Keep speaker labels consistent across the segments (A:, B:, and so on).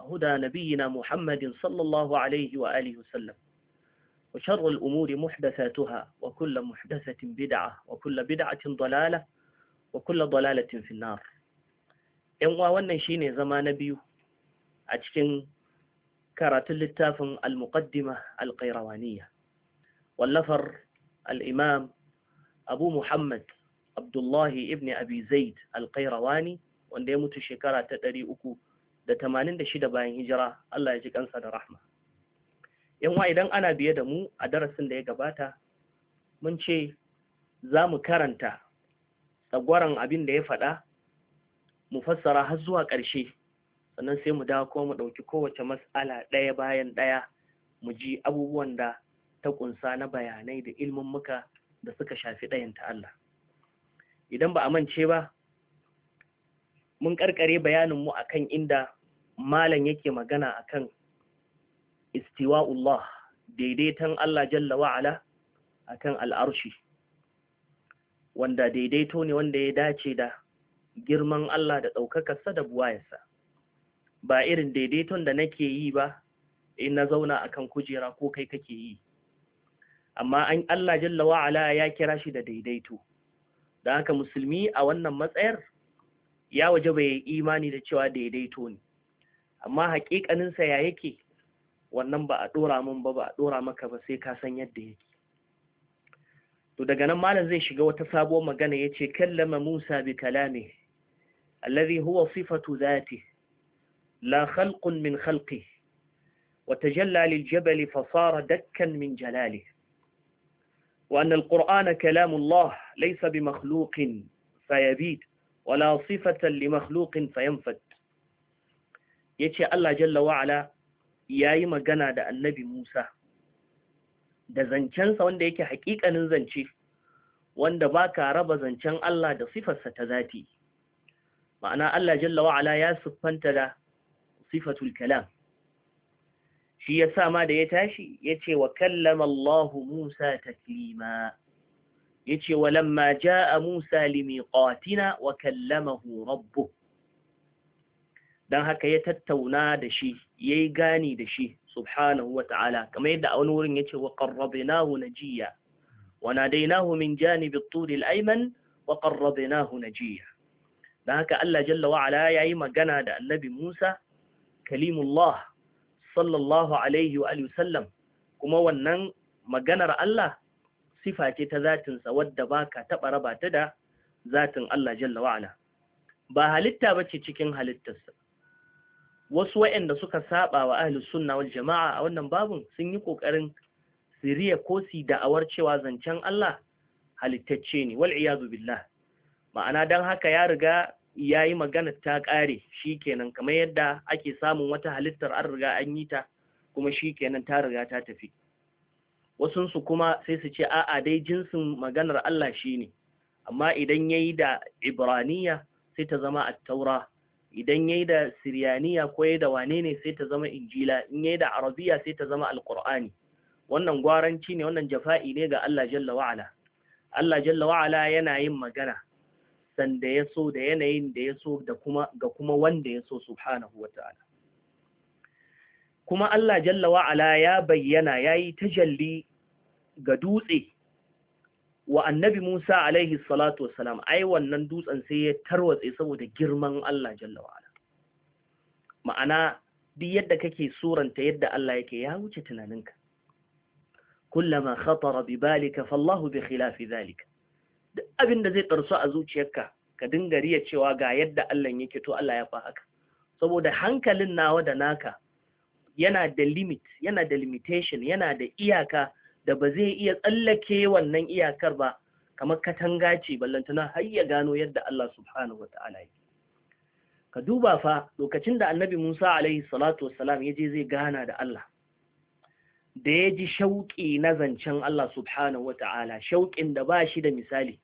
A: هدى نبينا محمد صلى الله عليه وآله وسلم وشر الأمور محدثاتها وكل محدثة بدعة وكل بدعة ضلالة وكل ضلالة في النار إن وانا شيني زمان بيو أجكن كرات للتاف المقدمة القيروانية واللفر الإمام أبو محمد عبد الله ابن أبي زيد القيرواني وانديمو تشكرا تتري أكو da tamanin da shida bayan hijira Allah ya ji kansa da rahma yanwa idan ana biye da mu a darasin da ya gabata mun ce za mu karanta tsagwaron abin da ya faɗa mu fassara har zuwa ƙarshe sannan sai mu dawo kuma mu ɗauki kowace mas'ala ɗaya bayan ɗaya mu ji abubuwan da ta ƙunsa na bayanai da ilmin muka da suka shafi ɗayan ta Allah idan ba a mance ba mun karkare bayanin mu akan inda malam yake magana akan istiwa'ullah daidaitan Allah jalla wa'ala akan al'arshi wanda daidaito ne wanda ya dace da girman Allah da sa da buwayarsa ba irin daidaiton da nake yi ba in na zauna akan kujera ko kai kake yi amma an Allah jalla wa'ala ya kira shi da daidaito da haka musulmi a wannan matsayar ya waje bai imani da cewa daidaito ne amma haƙiƙaninsa ya yake wannan ba a ɗora min ba ba a ɗora maka ba sai ka san yadda yake to daga nan malam zai shiga wata sabuwar magana ya ce kallama musa bi kalami allazi huwa sifatu zati la khalqun min khalqi wa tajalla lil jabali fa sara dakkan min jalali wa anna al qur'ana kalamu laysa bi makhluqin fayabid wala sifatan li makhluqin fayanfat yace Allah jalla wa ala yayi magana da annabi Musa da zancensa wanda yake hakikanin zance wanda baka raba zancen Allah da sifarsa ta zati ma'ana Allah jalla wa ala ya siffanta da sifatul kalam shi yasa ma da ya tashi yace wa kallama Allah Musa taklima yace walamma jaa Musa limiqatina wa kallamahu rabbuh dan haka ya tattauna da shi yayi gani da shi subhanahu wa kamar yadda a wani wurin yace wa qarrabnahu najiya wa nadainahu min janibi at-tur al-ayman wa qarrabnahu najiya dan haka Allah jalla wa ala yayi magana da annabi Musa kalimullah sallallahu alaihi wa alihi kuma wannan maganar Allah sifa ce ta zatinsa wadda ba ka taɓa raba ta da zatin Allah jalla wa'ala ba halitta ba ce cikin halittarsa wasu waɗanda suka saba wa ahlus sunna wal jama'a a wannan babun sun yi ƙoƙarin siriya ko si da'awar cewa zancen Allah halittacce ne wal iyazu billah ma'ana dan haka ya riga ya yi magana ta ƙare shikenan kamar yadda ake samun wata halittar an riga an yi ta kuma shikenan ta riga ta tafi wasunsu kuma sai su ce a'a dai jinsin maganar Allah shine, amma idan ya yi da ibraniya sai ta zama attaura idan ya yi da siriyaniya ko ya da wanene sai ta zama injila in ya yi da arabiya sai ta zama alkur'ani wannan gwaranci ne wannan jafa'i ne ga Allah jalla wa'ala Allah jalla wa'ala yana yin magana sanda ya so da yanayin da ya so da kuma ga kuma wanda ya so subhanahu wata'ala kuma Allah jalla wa'ala ya bayyana ya yi tajalli ga dutse wa annabi Musa alaihi salatu wassalam ai wannan dutsen sai ya tarwatse saboda girman Allah jalla wa'ala ma'ana duk yadda kake suranta yadda Allah yake ya wuce tunaninka kullama khatara bi balika fallahu bi khilafi zalika duk abin da zai tarso a zuciyarka ka dinga riya cewa ga yadda Allah yake to Allah ya fa haka saboda hankalin nawa da naka yana da limit yana da limitation yana da iyaka da ba zai iya tsallake wannan iyakar ba kamar katanga ce ballantana har ya gano yadda Allah subhanahu wata'ala yake ka duba fa lokacin da annabi Musa alaihi salatu wassalam ya je zai gana da Allah da ya ji shauƙi na zancen Allah subhanahu wata'ala shauƙin da ba shi da misali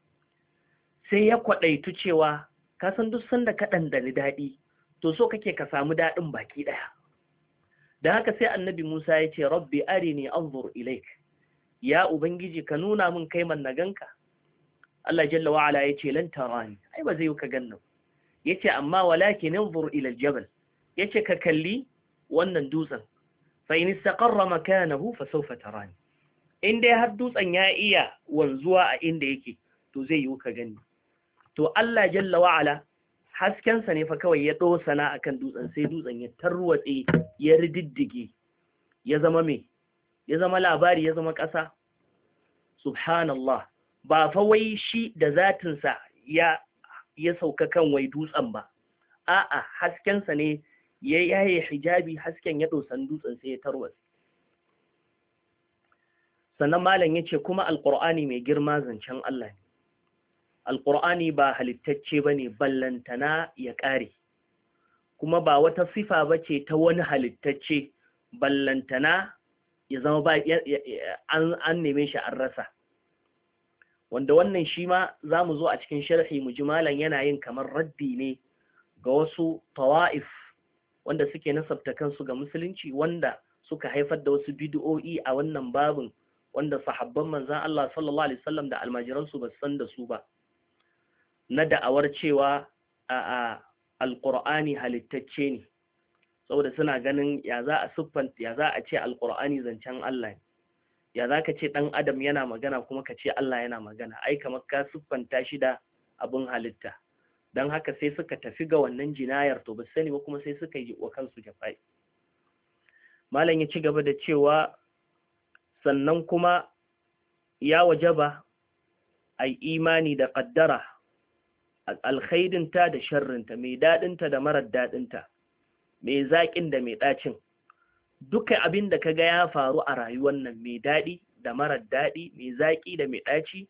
A: sai ya kwaɗaitu cewa ka san duk sanda ka ɗandani daɗi to so kake ka samu daɗin baki ɗaya da haka sai annabi Musa ya ce rabbi arini anzur ilaik ya ubangiji ka nuna min kai man na ganka Allah jalla wa ala yace lan tarani ai ba zai ka ganna yace amma walakin inzur ila aljabal yace ka kalli wannan dutsen fa in istaqarra makanahu fa sawfa tarani in dai har dutsen ya iya wanzuwa a inda yake to zai yi ka gani to Allah jalla wa ala haskensa ne fa kawai ya a akan dutsen sai dutsen ya tarwatse ya rididdige ya zama mai. ya zama labari ya zama ƙasa subhanallah ba fa wai shi da zatinsa ya ya sauka kan wai dutsen ba a'a haskensa ne ya yaye hijabi hasken ya dosan dutsen sai ya tarwas sannan malam yace kuma alqur'ani mai girma zancen Allah ne alqur'ani ba halittacce bane ballantana ya kare kuma ba wata sifa bace ta wani halittacce ballantana ya zama ba an neme shi an rasa wanda wannan shi ma za mu zo a cikin sharhi mu ji malam yana yin kamar raddi ne ga wasu tawa'if wanda suke nasabta kansu ga musulunci wanda suka haifar da wasu bid'o'i a wannan babin wanda sahabban manzan Allah sallallahu alaihi wasallam da almajiransu ba san da su ba na da'awar cewa a halittacce ne saboda suna ganin ya za a siffan ya za a ce Alkur'ani zancen Allah ne ya za ka ce dan adam yana magana kuma ka ce Allah yana magana ai kamar ka siffanta shi da abin halitta dan haka sai suka tafi ga wannan jinayar to ba sani ba kuma sai suka yi wa kansu jafa'i malam ya ci gaba da cewa sannan kuma ya wajaba ai imani da ƙaddara alkhairinta da sharrinta mai daɗinta da marar daɗinta mai zaƙin da mai ɗacin duka abin da kaga ya faru a rayuwar nan mai daɗi da marar daɗi mai zaƙi da mai ɗaci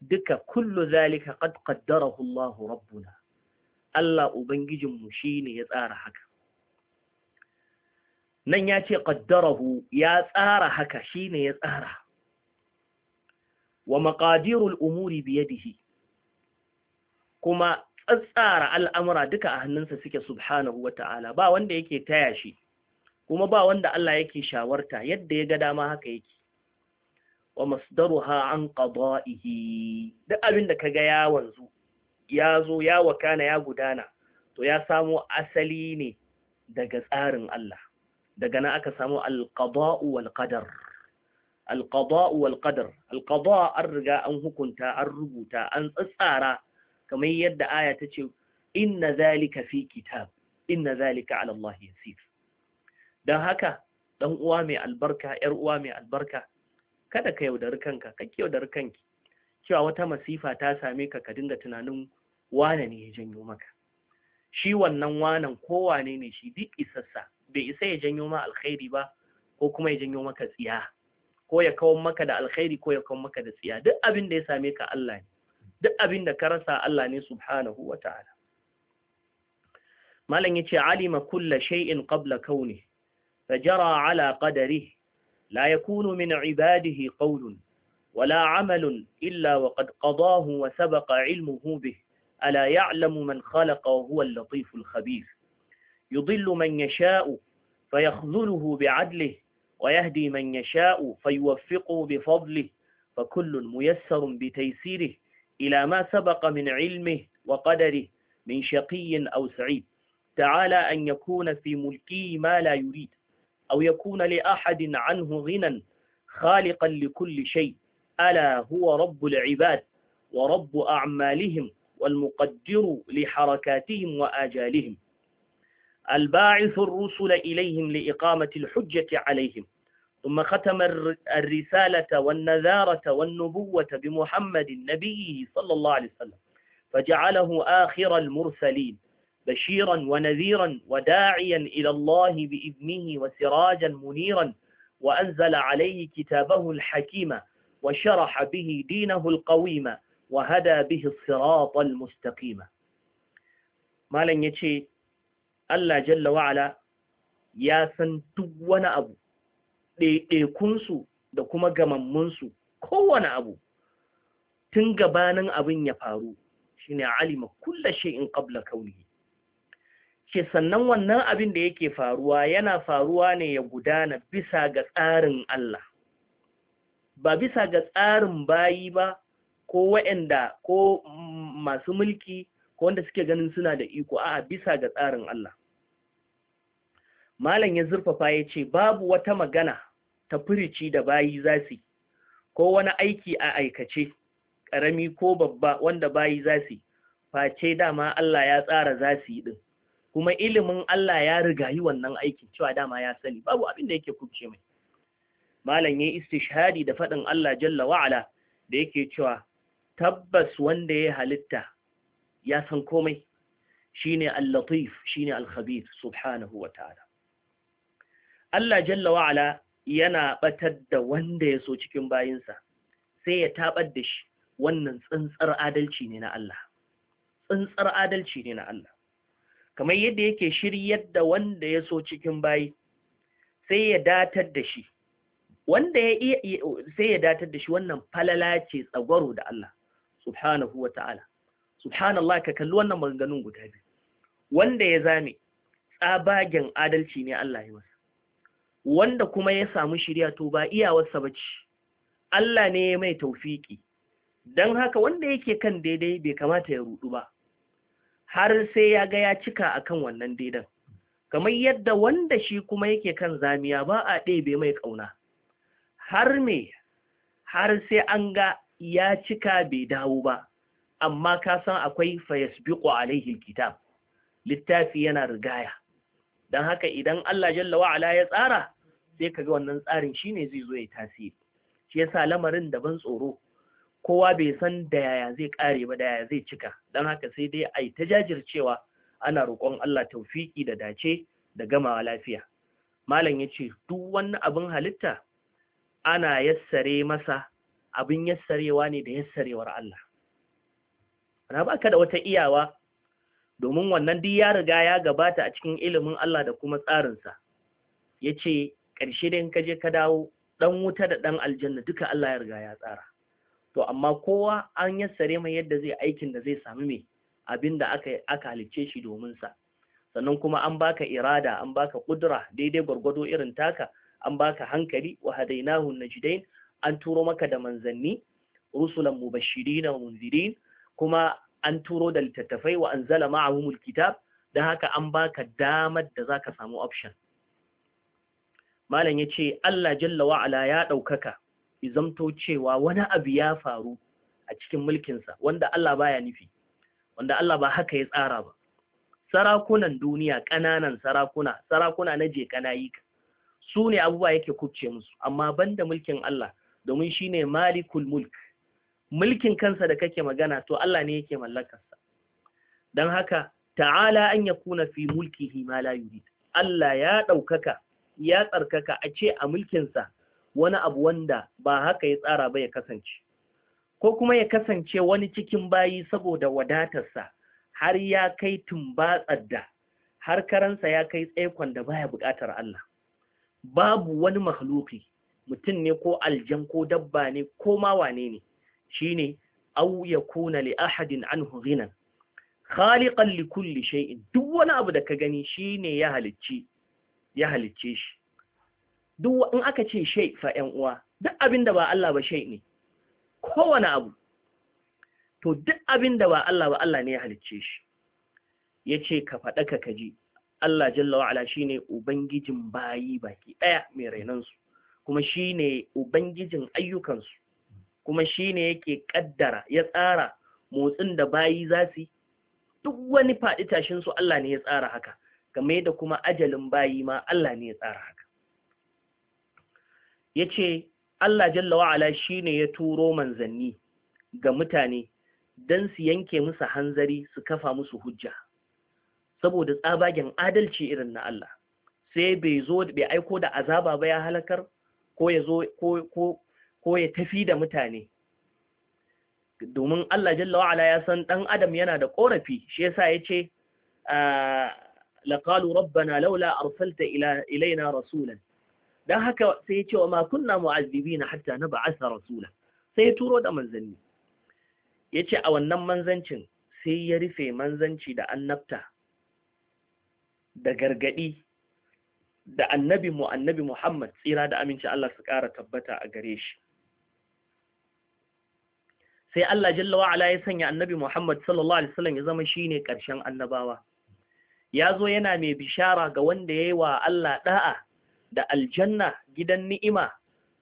A: duka kullu zalika qad qaddarahu Allahu rabbuna Allah ubangijinmu shine ya tsara haka nan ya ce qaddarahu ya tsara haka shine ya tsara wa maqadirul umuri biyadihi kuma tsatsara al'amura duka a hannunsa suke subhanahu wa ta'ala ba wanda yake taya shi kuma ba wanda Allah yake shawarta yadda ya ga dama haka yake wa ha an qada'ihi duk abin da kaga ya wanzu ya zo ya wakana ya gudana to ya samo asali ne daga tsarin Allah daga na aka samo alƙaba'u wal qadar alqada'u wal an riga an hukunta an rubuta an tsatsara kamar yadda aya ta ce inna zalika fi kitab inna zalika ala Allah yasir dan haka dan uwa mai albarka yar uwa mai albarka kada ka yaudari kanka ka yaudari kanki cewa wata masifa ta same ka ka dinga tunanin wane ne ya janyo maka shi wannan wanan wane ne shi duk isassa bai isa ya janyo ma alkhairi ba ko kuma ya janyo maka tsiya ko ya kawo maka da alkhairi ko ya kawo maka da tsiya duk abin da ya same ka Allah ne duk abin da ka rasa Allah ne subhanahu wataala ta'ala malam yace alima kulla shay'in qabla kauni fajara ala qadari la yakunu min ibadihi qawlun wala amalun illa ولا عمل إلا وقد قضاه وسبق علمه به ألا يعلم من خلق al اللطيف الخبير يضل من يشاء فيخذله bi'adlihi ويهدي من يشاء فيوفقه بفضله فكل ميسر بتيسيره إلى ما سبق من علمه وقدره من شقي أو سعيد تعالى أن يكون في ملكه ما لا يريد أو يكون لأحد عنه غنى خالقا لكل شيء ألا هو رب العباد ورب أعمالهم والمقدر لحركاتهم وآجالهم الباعث الرسل إليهم لإقامة الحجة عليهم ثم ختم الرسالة والنذارة والنبوة بمحمد نبيه صلى الله عليه وسلم فجعله آخر المرسلين بشيرا ونذيرا وداعيا إلى الله بإذنه وسراجا منيرا وأنزل عليه كتابه الحكيم وشرح به دينه القويم وهدى به الصراط المستقيم ما لن يتشي الله جل وعلا يا سنتو ونأبو ɗaiɗaikunsu da kuma gamammunsu kowane abu tun gabanin abin ya faru shi ne alima kulla in ƙabla kaunihi ce sannan wannan abin da yake faruwa yana faruwa ne ya gudana bisa ga tsarin Allah ba bisa ga tsarin bayi ba ko wa'anda ko masu mulki ko wanda suke ganin suna da iko a bisa ga tsarin Allah malam ya zurfafa ya ce babu wata magana ta furici da bayi za su ko wani aiki a aikace ƙarami ko babba wanda bayi za su face dama Allah ya tsara za su yi din kuma ilimin Allah ya rigayi wannan aikin cewa dama ya sani babu abin da yake kubce mai malam yayi istishhadi da faɗin Allah jalla wa'ala da yake cewa tabbas wanda ya halitta ya san komai shine al-latif shine al subhanahu wa ta'ala Allah jalla wa'ala yana batar da wanda ya so cikin bayinsa sai ya tabar da shi wannan tsantsar adalci ne na Allah tsantsar adalci ne na Allah kamar yadda yake shiryar da wanda ya so cikin bayi sai ya datar da shi wanda ya sai ya datar da shi wannan falala ce tsagwaro da Allah subhanahu wa ta'ala subhanallah ka kalli wannan maganganun guda biyu wanda ya zame tsabagen adalci ne Allah ya masa wanda kuma ya samu shirya to ba iyawarsa ba ce Allah ne ya mai taufiki don haka wanda yake kan daidai bai kamata ya rudu ba har sai ya ga ya cika akan wannan daidan kamar yadda wanda shi kuma yake kan zamiya ba a ɗebe mai ƙauna har me har sai an ga ya cika bai dawo ba amma ka san akwai a alaihi kitab, littafi yana rigaya Don haka idan Allah jalla wa'ala ya tsara sai kaga wannan tsarin shi ne zai zo ya tasiri shi yasa lamarin da ban tsoro kowa bai san da yaya zai kare ba da yaya zai cika Don haka sai dai yi ta jajircewa ana roƙon Allah taufiki da dace da gamawa lafiya malam ya ce duk wani abin halitta ana yassare masa abin yassarewa ne da yassarewar Allah na baka da wata iyawa domin wannan duk ya riga ya gabata a cikin ilimin Allah da kuma tsarinsa ya ce ƙarshe da ka je ka dawo ɗan wuta da ɗan aljanna duka Allah ya riga ya tsara to amma kowa an yassare mai yadda zai aikin da zai sami mai abin da aka aka halicce shi domin sa sannan kuma an baka irada an baka kudura daidai gwargwado irin taka an baka hankali wa hadainahu najdain an turo maka da manzanni rusulan mubashirina wa munzirin kuma an turo da littattafai wa anzala ma'ahumul kitab dan haka an baka damar da zaka samu option malam ya ce Allah jalla wa'ala ya ɗaukaka izamto cewa wani abu ya faru a cikin mulkinsa wanda Allah ba ya nufi wanda Allah ba haka ya tsara ba sarakunan duniya ƙananan sarakuna sarakuna na je kanayi su ne abubuwa yake kubce musu amma banda mulkin Allah domin shi ne malikul mulk mulkin kansa da kake magana to Allah ne yake mallakarsa don haka ta'ala an yakuna fi mulkihi ma la Allah ya ɗaukaka ya tsarkaka a ce a mulkinsa wani abu wanda ba haka ya tsara ba ya kasance ko kuma ya kasance wani cikin bayi saboda wadatarsa har ya kai tumbatsar da har karansa ya kai tsaikon da baya buƙatar Allah babu wani makhluki mutum ne ko aljan ko dabba ne ko ma wane ne shine aw yakuna li ahadin anhu ghinan khaliqan li kulli shay'in duk wani abu da ka gani shi ne ya halicci ya halicce shi duk in aka ce shay fa ƴan uwa duk abin ba Allah ba shay ne kowane abu to duk abinda ba Allah ba Allah ne ya halicce shi yace ka faɗa ka kaji Allah jalla ala shine ubangijin bayi baki ɗaya mai su. kuma shine ubangijin ayyukan su. kuma shine yake kaddara ya tsara motsin da bayi zasu duk wani faɗi tashin su Allah ne ya tsara haka game da kuma ajalin bayi ma Allah ne ya tsara haka yace Allah jalla wa'ala shine ya turo manzanni ga mutane dan su yanke musu hanzari su kafa musu hujja saboda tsabagen adalci irin na Allah sai bai zo bai aiko da azaba ba ya halakar ko ya zo ko ko ya tafi da mutane domin Allah jalla wa'ala ya san dan adam yana da korafi shi yasa yace ah, Rabba na laula arsalta ila ilaina rasulan dan haka sai ya ce wa ma kunna mu'azzibina hatta nab'atha rasula sai ya turo da manzanni yace a wannan manzancin sai ya rufe manzanci da annabta da gargadi da annabi mu annabi Muhammad tsira da aminci Allah su ƙara tabbata a gare shi sai Allah jalla ya sanya annabi Muhammad sallallahu alaihi wasallam ya zama shine ƙarshen annabawa ya zo yana mai bishara ga wanda ya yi wa Allah ɗa'a da aljanna gidan ni'ima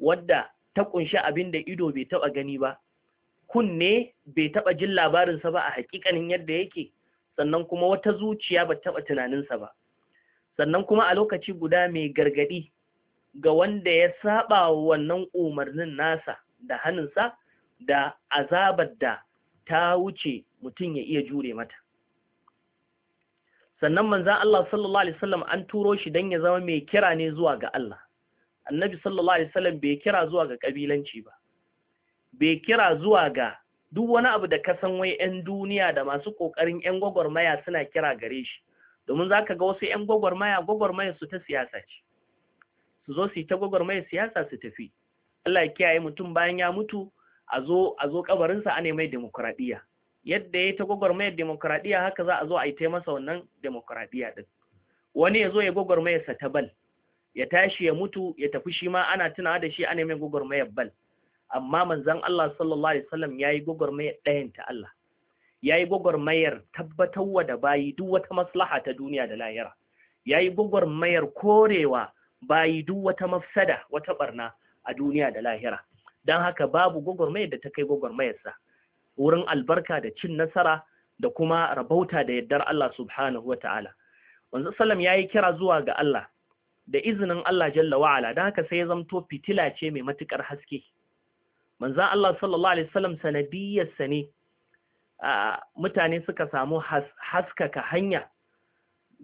A: wadda ta ƙunshi abin da ido bai taɓa gani ba kunne bai taɓa jin labarinsa ba a hakikanin yadda yake sannan kuma wata zuciya ba taɓa tunaninsa ba sannan kuma a lokaci guda mai gargaɗi ga wanda ya saba wannan umarnin nasa da hannunsa da azabar da ta wuce mutum ya iya jure mata sannan manzan Allah sallallahu alaihi wasallam an turo shi don ya zama mai kira ne zuwa ga Allah annabi sallallahu alaihi wasallam bai kira zuwa ga kabilanci ba bai kira zuwa ga duk wani abu da kasan wai 'yan duniya da masu ƙoƙarin 'yan gwagwarmaya suna kira gare shi domin za ka ga wasu 'yan gwagwarmaya gwagwarmaya su ta siyasa ce su zo su yi ta gwagwarmaya siyasa su tafi Allah ya kiyaye mutum bayan ya mutu a zo ƙabarinsa kabarinsa a mai demokuraɗiyya yadda ya ta gwagwarmayar demokradiyya haka za a zo a yi ta masa wannan demokradiyya ɗin wani ya zo ya sa ta bal ya tashi ya mutu ya tafi shi ma ana tunawa da shi ana mai gwagwarmayar bal amma manzon Allah sallallahu alaihi wasallam yi gwagwarmayar ɗayan ta Allah Ya yi gwagwarmayar tabbatarwa da bayi duk wata maslaha ta duniya da lahira Ya yi gwagwarmayar korewa bayi duk wata mafsada wata barna a duniya da lahira don haka babu gwagwarmayar da ta kai gwagwarmayarsa wurin albarka da cin nasara da kuma rabauta da yaddar Allah subhanahu wa ta'ala. Wanzu Salam ya yi kira zuwa ga Allah, da izinin Allah jalla wa'ala, don haka sai ya zamto fitila ce mai matuƙar haske. Manzan Allah sallallahu Alaihi Wasallam sanadiyarsa ne, mutane suka samu haskaka hanya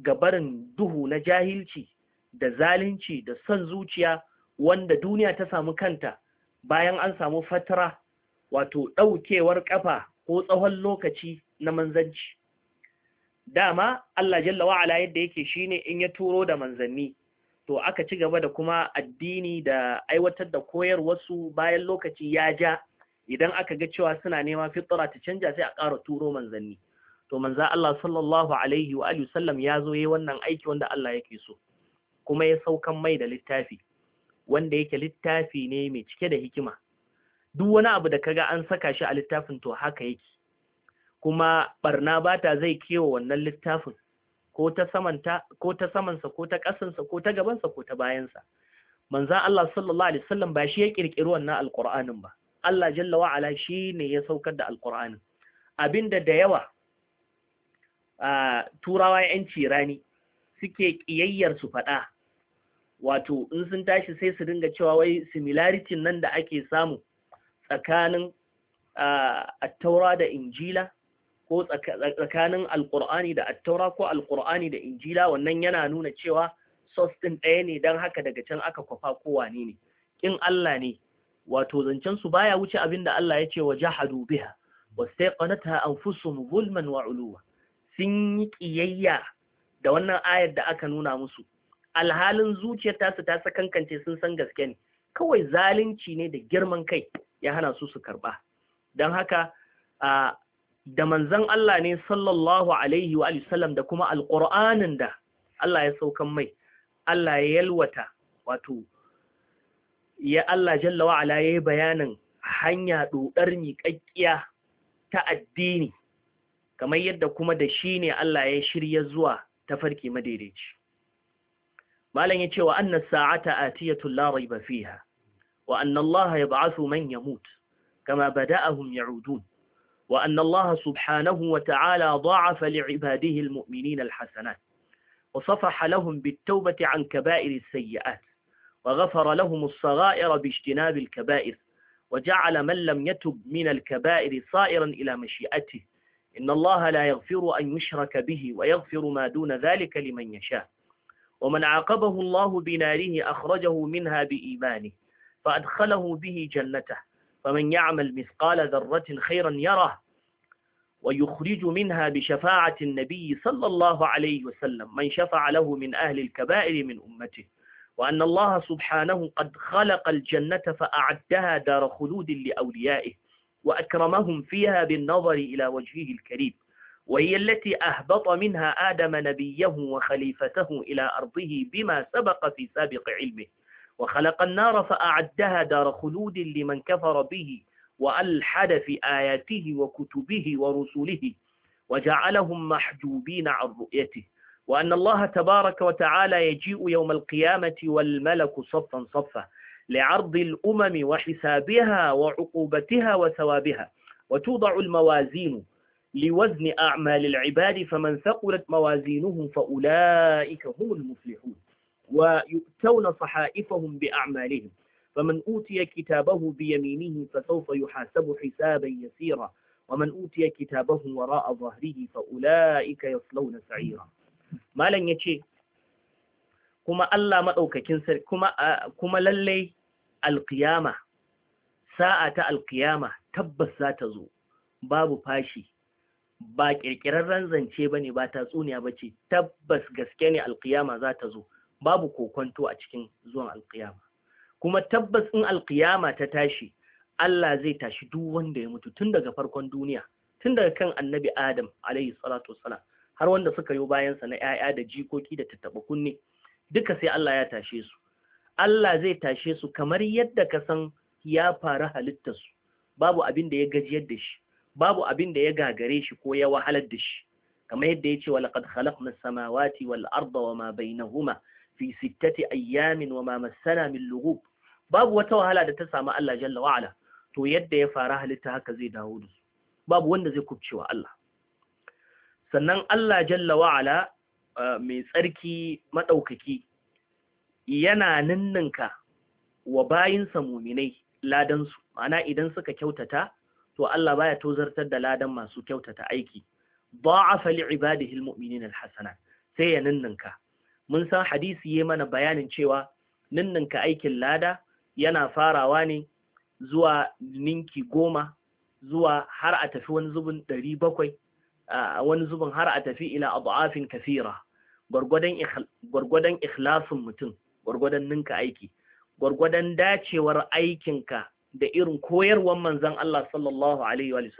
A: ga barin duhu na jahilci da zalunci da son zuciya wanda duniya ta samu kanta bayan an samu fatara wato ɗaukewar ƙafa ko tsawon lokaci na manzanci dama Allah jalla wa'ala yadda yake shine in ya turo da manzanni to aka ci gaba da kuma addini da aiwatar da wasu bayan lokaci ya ja idan aka ga cewa suna nema fitra ta canja sai a ƙara turo manzanni to manza Allah sallallahu alaihi wa alihi sallam ya zo yayi wannan aiki wanda Allah yake so kuma ya saukan mai da littafi wanda yake littafi ne mai cike da hikima duk wani abu da kaga an saka shi a littafin to haka yake kuma barna bata zai kewa wannan littafin ko ta samanta ko ta samansa ko ta kasansa ko ta gabansa ko ta bayansa manzan Allah sallallahu alaihi wasallam ba shi ya kirkiri wannan alqur'anin ba Allah jalla wa ala ne ya saukar da alqur'anin abinda da yawa a turawa yanci rani suke kiyayyar su fada wato in sun tashi sai su dinga cewa wai similarity nan da ake samu tsakanin attaura da injila ko tsakanin alkur'ani da attaura ko alkur'ani da injila wannan yana nuna cewa sos ɗin ɗaya ne don haka daga can aka kwafa kowa ne ne in Allah ne wato zancen su baya wuce abin da Allah ya ce wa jahadu biha wastaqanatha anfusuhum zulman wa uluwa sun yi ƙiyayya. da wannan ayar da aka nuna musu alhalin zuciyar tasu ta sakankance sun san gaske ne kawai zalunci ne da girman kai ya hana su su karɓa don haka da manzan Allah ne sallallahu alaihi wa sallam da kuma alƙur'anin da Allah ya saukan mai Allah ya yalwata wato ya Allah jalla wa ala yayi bayanin hanya dodar miƙaƙƙiya ta addini kamar yadda kuma da shi ne Allah ya shirya zuwa tafarki madaidaici malam ya ce wa annas sa'ata atiyatu la raiba fiha وأن الله يبعث من يموت كما بدأهم يعودون وأن الله سبحانه وتعالى ضاعف لعباده المؤمنين الحسنات وصفح لهم بالتوبة عن كبائر السيئات وغفر لهم الصغائر باجتناب الكبائر وجعل من لم يتب من الكبائر صائرا إلى مشيئته إن الله لا يغفر أن يشرك به ويغفر ما دون ذلك لمن يشاء ومن عاقبه الله بناره أخرجه منها بإيمانه فأدخله به جنته فمن يعمل مثقال ذرة خيرا يره ويخرج منها بشفاعة النبي صلى الله عليه وسلم من شفع له من أهل الكبائر من أمته وأن الله سبحانه قد خلق الجنة فأعدها دار خلود لأوليائه وأكرمهم فيها بالنظر إلى وجهه الكريم وهي التي أهبط منها آدم نبيه وخليفته إلى أرضه بما سبق في سابق علمه وخلق النار فأعدها دار خلود لمن كفر به وألحد في آياته وكتبه ورسله وجعلهم محجوبين عن رؤيته وأن الله تبارك وتعالى يجيء يوم القيامة والملك صفا صفا لعرض الأمم وحسابها وعقوبتها وثوابها وتوضع الموازين لوزن أعمال العباد فمن ثقلت موازينهم فأولئك هم المفلحون ويؤتون صحائفهم بأعمالهم فمن أوتي كتابه بيمينه فسوف يحاسب حسابا يسيرا ومن أوتي كتابه وراء ظهره فأولئك يصلون سعيرا ما لن يشي كما الله مدعوك كنسر كما, كما للي القيامة ساعة القيامة تبس ذات زو باب فاشي ba ƙirƙirarren zance ba ne ba tatsuniya ba ce tabbas gaske ne alƙiyama za ta zo babu kokonto a cikin zuwan alkiyama kuma tabbas in alkiyama ta tashi Allah zai tashi duk wanda ya mutu tun daga farkon duniya tun daga kan annabi Adam alaihi salatu Wasala. har wanda suka yi bayansa na 'ya'ya da jikoki da tattaɓa kunne duka sai Allah ya tashe su Allah zai tashe su kamar yadda ka san ya faru su babu abin da ya gajiyar da shi babu abin da ya gagare shi ko ya wahalar da shi kamar yadda ya ce wa laqad khalaqna samawati wal arda wa ma bainahuma fi sittati ayyamin wa ma massana min lughub babu wata wahala da ta samu Allah jalla wa ala to yadda ya fara halitta haka zai dawo da su babu wanda zai kubcewa Allah sannan Allah jalla wa ala mai tsarki madaukaki yana ninninka wa bayin muminai ladan su ma'ana idan suka kyautata to Allah baya tozartar da ladan masu kyautata aiki ba'afa لعباده المؤمنين الحسنات sai ya ninninka mun san hadisi ya mana bayanin cewa ninninka aikin lada yana farawa ne zuwa ninki goma zuwa har a tafi wani zubin ɗari bakwai wani zubin har a tafi ila abu'afin kasira gwargwadon ikhlasin mutum gwargwadon ninka aiki gwargwadon dacewar aikinka da irin koyarwar manzan Allah sallallahu alaihi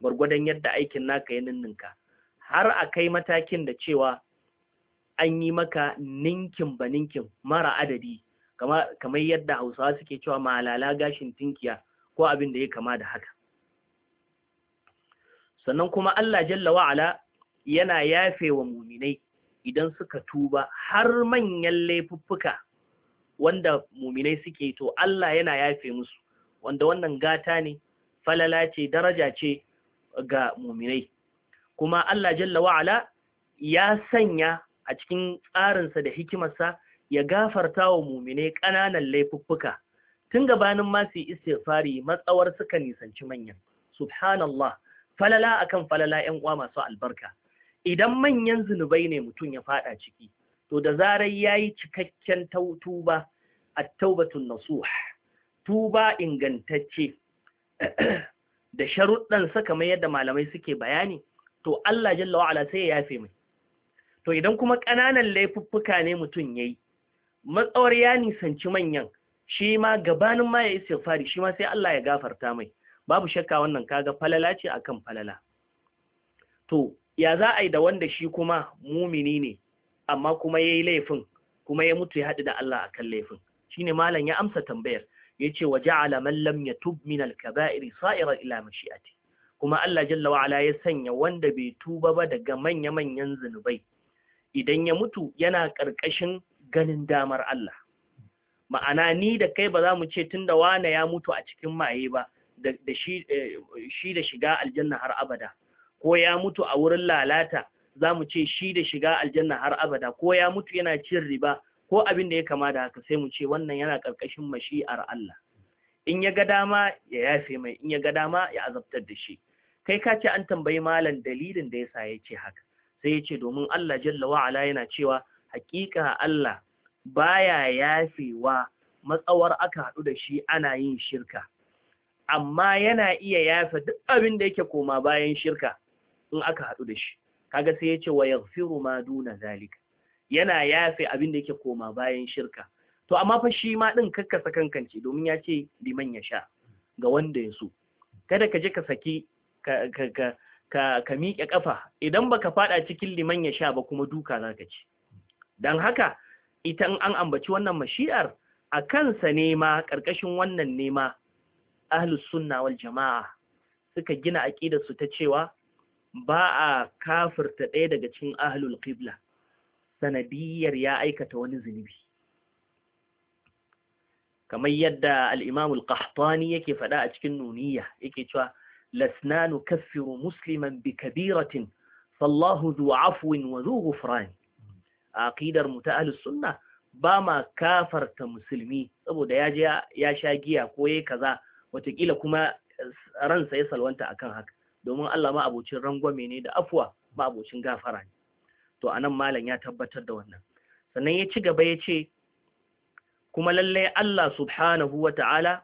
A: gwargwadon yadda aikin naka ya ninninka har a kai matakin da cewa an yi maka ninkin ba ninkin mara adadi kamar yadda hausawa suke cewa malala gashin tinkiya ko abin da ya kama da haka sannan kuma Allah jalla wa'ala yana yafe wa muminai idan suka tuba har manyan laifuffuka wanda muminai suke to Allah yana yafe musu wanda wannan gata ne falala ce daraja ce ga muminai kuma Allah jalla wa'ala ya sanya a cikin tsarinsa da hikimarsa ya gafarta wa mumine ƙananan laifuffuka tun gabanin ma su istighfari matsawar suka nisanci manyan subhanallah falala akan falala ƴan uwa masu albarka idan manyan zunubai ne mutum ya fada ciki to da zarar yayi cikakken tuba at-taubatun nasuh tuba ingantacce da sharuɗan sa kamar yadda malamai suke bayani to Allah jalla wa sai ya yafe mai to idan kuma ƙananan laifuffuka ne mutum ya yi. matsawar ya nisanci manyan shi ma gabanin ma ya yi istighfari shi ma sai Allah ya gafarta mai babu shakka wannan kaga falala ce akan falala to ya za a yi da wanda shi kuma mumini ne amma kuma ya yi laifin kuma ya mutu ya haɗu da Allah akan laifin Shi ne malam ya amsa tambayar ya wa ja'ala man lam yatub min al-kaba'iri sa'ira ila mashi'ati kuma Allah jalla wa ya sanya wanda bai tuba ba daga manya-manyan zunubai idan ya mutu yana ƙarƙashin ganin damar Allah ma'ana ni da kai ba za mu ce tun tunda wane ya mutu a cikin maye ba da eh, shi da shiga aljanna har abada ko ya mutu a wurin lalata za mu ce shi da shiga aljanna har abada ko ya mutu yana cin riba ko abin da ya kama da haka sai mu ce wannan yana ƙarƙashin mashi'ar Allah in ya ga dama ya yafe mai in ya ga dama ya azabtar da shi kai ka ce an tambayi malam dalilin da yasa ya ce haka sai ya ce domin Allah jalla wa'ala yana cewa hakika Allah baya yafewa matsawar aka haɗu da shi ana yin shirka amma yana iya yafe duk abin da yake koma bayan shirka in aka haɗu da shi kaga sai ya ce wa yaghfiru ma duna zalika yana yafe abin da yake koma bayan shirka to amma fa shi ma din kakkasa kankance domin ya ce liman ya sha ga wanda ya so kada ka je ka saki ka ka ka ka miƙe ƙafa idan baka faɗa cikin liman ya sha ba kuma duka zaka ci dan haka ita an ambaci wannan mashi'ar a kansa nema ƙarƙashin wannan nema ahlus sunna wal jama'a suka gina su ta cewa ba a kafirta ɗaya daga cikin ahlul qibla sanadiyar ya aikata wani zunubi kamar yadda al-imam al-qahtani yake faɗa a cikin nuniya yake cewa لسنا نكفر مسلما بكبيرة فالله ذو عفو وذو غفران aqidar mu ta ahlus sunna ba kafarta musulmi saboda yaje ya sha giya ko yayi kaza watakila kuma ransa ya salwanta akan haka domin Allah ma abocin rangwame ne da afwa ma abocin gafara ne to anan malam ya tabbatar da wannan sannan ya ci gaba ya ce kuma lallai Allah subhanahu wata'ala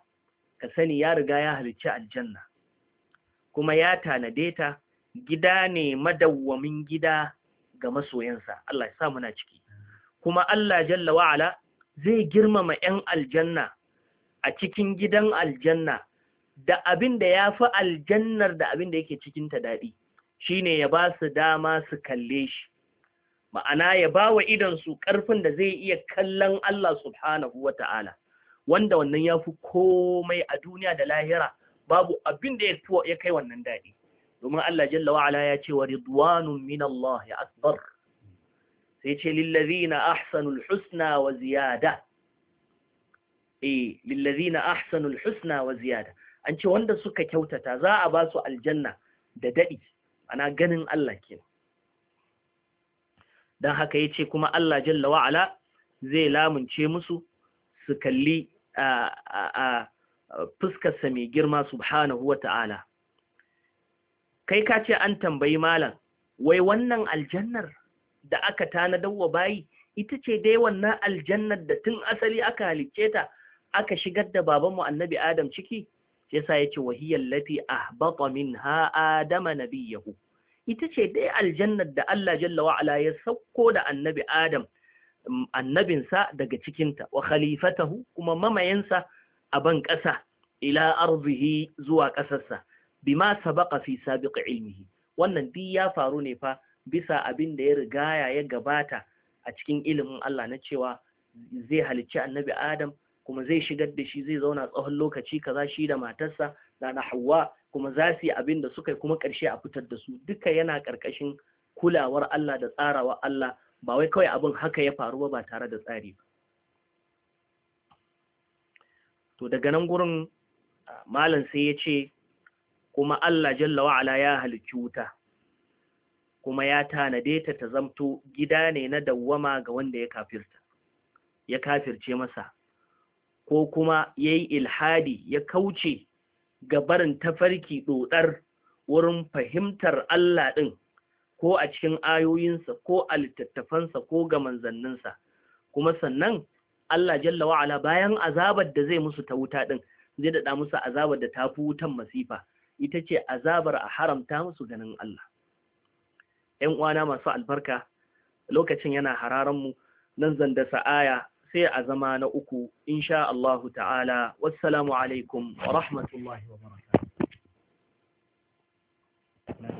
A: ka sani ya riga ya halicci aljanna kuma ya tanade ta gida ne madawwamin gida ga masoyansa Allah ya sa muna ciki kuma Allah jalla wa'ala zai girmama 'yan aljanna a cikin gidan aljanna da abin da ya fi aljannar da abin da yake cikinta daɗi shine ya ba su dama su kalle shi ma'ana ya ba wa idansu ƙarfin da zai iya kallon Allah subhanahu wa ta'ala wanda wannan ya fi komai a duniya da lahira babu abin da ya kai wannan daɗi domin Allah jalla wa'ala ya ce wa ridwanun min Allah ya akbar sai ce lillazina ahsanul husna wa ziyada eh lillazina ahsanul husna wa ziyada an ce wanda suka kyautata za a ba su aljanna da daɗi ana ganin Allah kenan don haka ya ce kuma Allah jalla wa'ala zai lamunce musu su kalli a fuskarsa mai girma subhanahu wa ta'ala kai ka ce an tambayi malam wai wannan aljannar da aka tana wa bayi ita ce dai wannan aljannar da tun asali aka halicce ta aka shigar da babanmu annabi adam ciki yasa yace wahiyal lati ahbata minha adama nabiyahu ita ce dai aljannar da Allah jalla wa'ala ya sauko da annabi Adam annabinsa daga cikinta wa khalifatahu kuma mamayensa a ban ƙasa ila arzihi zuwa ƙasarsa bima sabaqa fi sabiq ilmihi wannan duk ya faru ne fa bisa abin da ya rigaya ya gabata a cikin ilimin Allah na cewa zai halicci annabi Adam kuma zai shigar da shi zai zauna tsawon lokaci kaza shi da matarsa da na Hawwa kuma za su yi abin da suka yi kuma ƙarshe a fitar da su duka yana ƙarƙashin kulawar Allah da tsarawa Allah ba wai kawai abin haka ya faru ba ba tare da tsari ba to daga nan gurin malam sai ya ce kuma Allah jalla wa'ala ya halicci wuta kuma ya tanade ta ta zamto gida ne na dawwama ga wanda ya kafirta ya kafirce masa ko kuma ya yi ilhadi ya kauce ga barin tafarki ɗoɗar wurin fahimtar Allah ɗin ko a cikin ayoyinsa ko a littattafansa ko ga manzanninsa kuma sannan Allah jalla wa'ala bayan azabar da zai musu ta wuta din zai daɗa musu azabar da ta fi wutan masifa ita ce azabar a haramta musu ganin Allah ‘yan uwana masu albarka lokacin yana hararan mu nan zan da sa'aya sai a zama na uku insha Allah ta'ala wassalamu alaikum wa rahmatullahi wa barakatuh